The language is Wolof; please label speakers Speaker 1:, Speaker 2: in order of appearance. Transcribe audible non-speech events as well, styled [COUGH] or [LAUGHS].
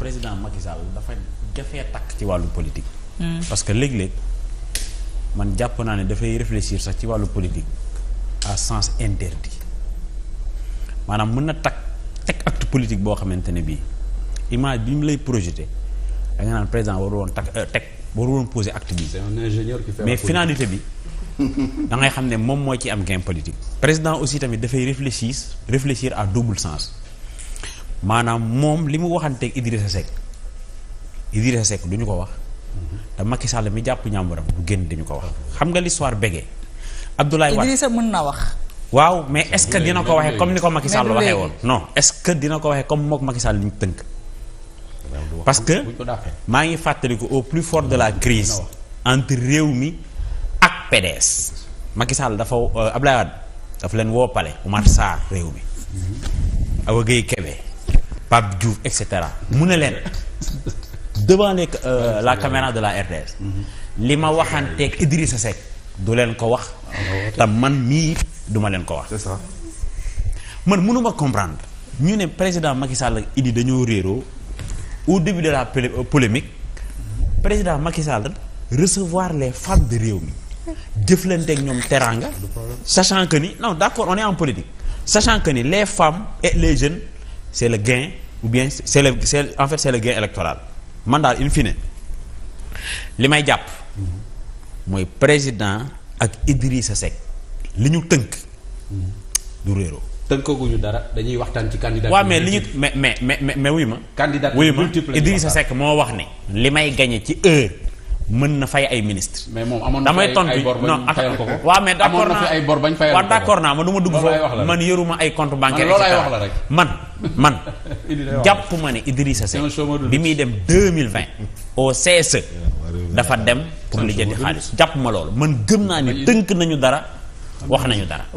Speaker 1: président Macky dafa defee takk ci wàllu politique. Hmm. parce que léeg-léeg man jàpp naa ne dafay réfléchir sax ci wàllu politique à sens interdit maanaam mën na takk teg acte politique boo xamante ne bii image bi mu lay projeté da nga naan président waru woon takk euh, teg waru woon posé acte bi. mais finalité bi. da ngay xam ne moom mooy ci am gain politique. président aussi tamit dafay réfléchir réfléchir à double sens. maanaam moom li mu waxanteeg Idrissa Seck Idrissa Seck du ñu ko wax te Macky Sall mi jàpp ñàmburam bu génn dañu ko wax xam nga l'histoire bégee Abdoulaye Wade Idrissa mën na wax waaw mais est-ce que dina ko waxee comme ni ko Macky Sall waxee woon non est-ce que dina ko waxee comme mook Macky Sall li ñu tënk parce que maa ngi fàttaliku au plus fort de la crise entre réew mi ak PDS Macky dafa euh, Abdoulaye Wade dafa leen woo pale Oumar Sarr réew mi Awa Gueye Kébé Pape Diouf et cetera mu ne leen devant les euh, la caméra de la RTS. Mhm. li ma waxanteeg Idrissa Seck du leen ko wax. Ah, te man mii duma leen ko wax. c'est man mënuma comprendre ñu ne président Macky Sall dañoo réeroo au début de la euh, polémique président Macky Sall recevoir les femmes de réew mi jëflanteeg ñoom teraanga. sachant que ni non d'accord on est en politique. sachant que ni les femmes et les jeunes c'est le gain. ou bien c'est le c'est en le gain électoral mandaal daal in li may jàpp mooy président ak idri sa Seck li ñu tënk du réeroo. tënkaguñu dara dañuy waxtaan ci candidat. waaw mais li ñu mais mais mais mais wuyu ma. candidat wuyu ma Idrissa Seck moo wax ne. li may gañe ci heure. mën na fay ay ministre mais moom amoon na damay tontu non attends waaw mais d'accord naa ay bor bañ fayal naa ma du ma dugg foofu man yëruma ay compte bancaire et cetera man man [LAUGHS] jàpp ma ne Idrissa Seck bi muy dem mille 2020 au CSE dafa dem pour lijjanti xaalis jàpp ma loolu man gëm naa ni tënk nañu dara wax nañu dara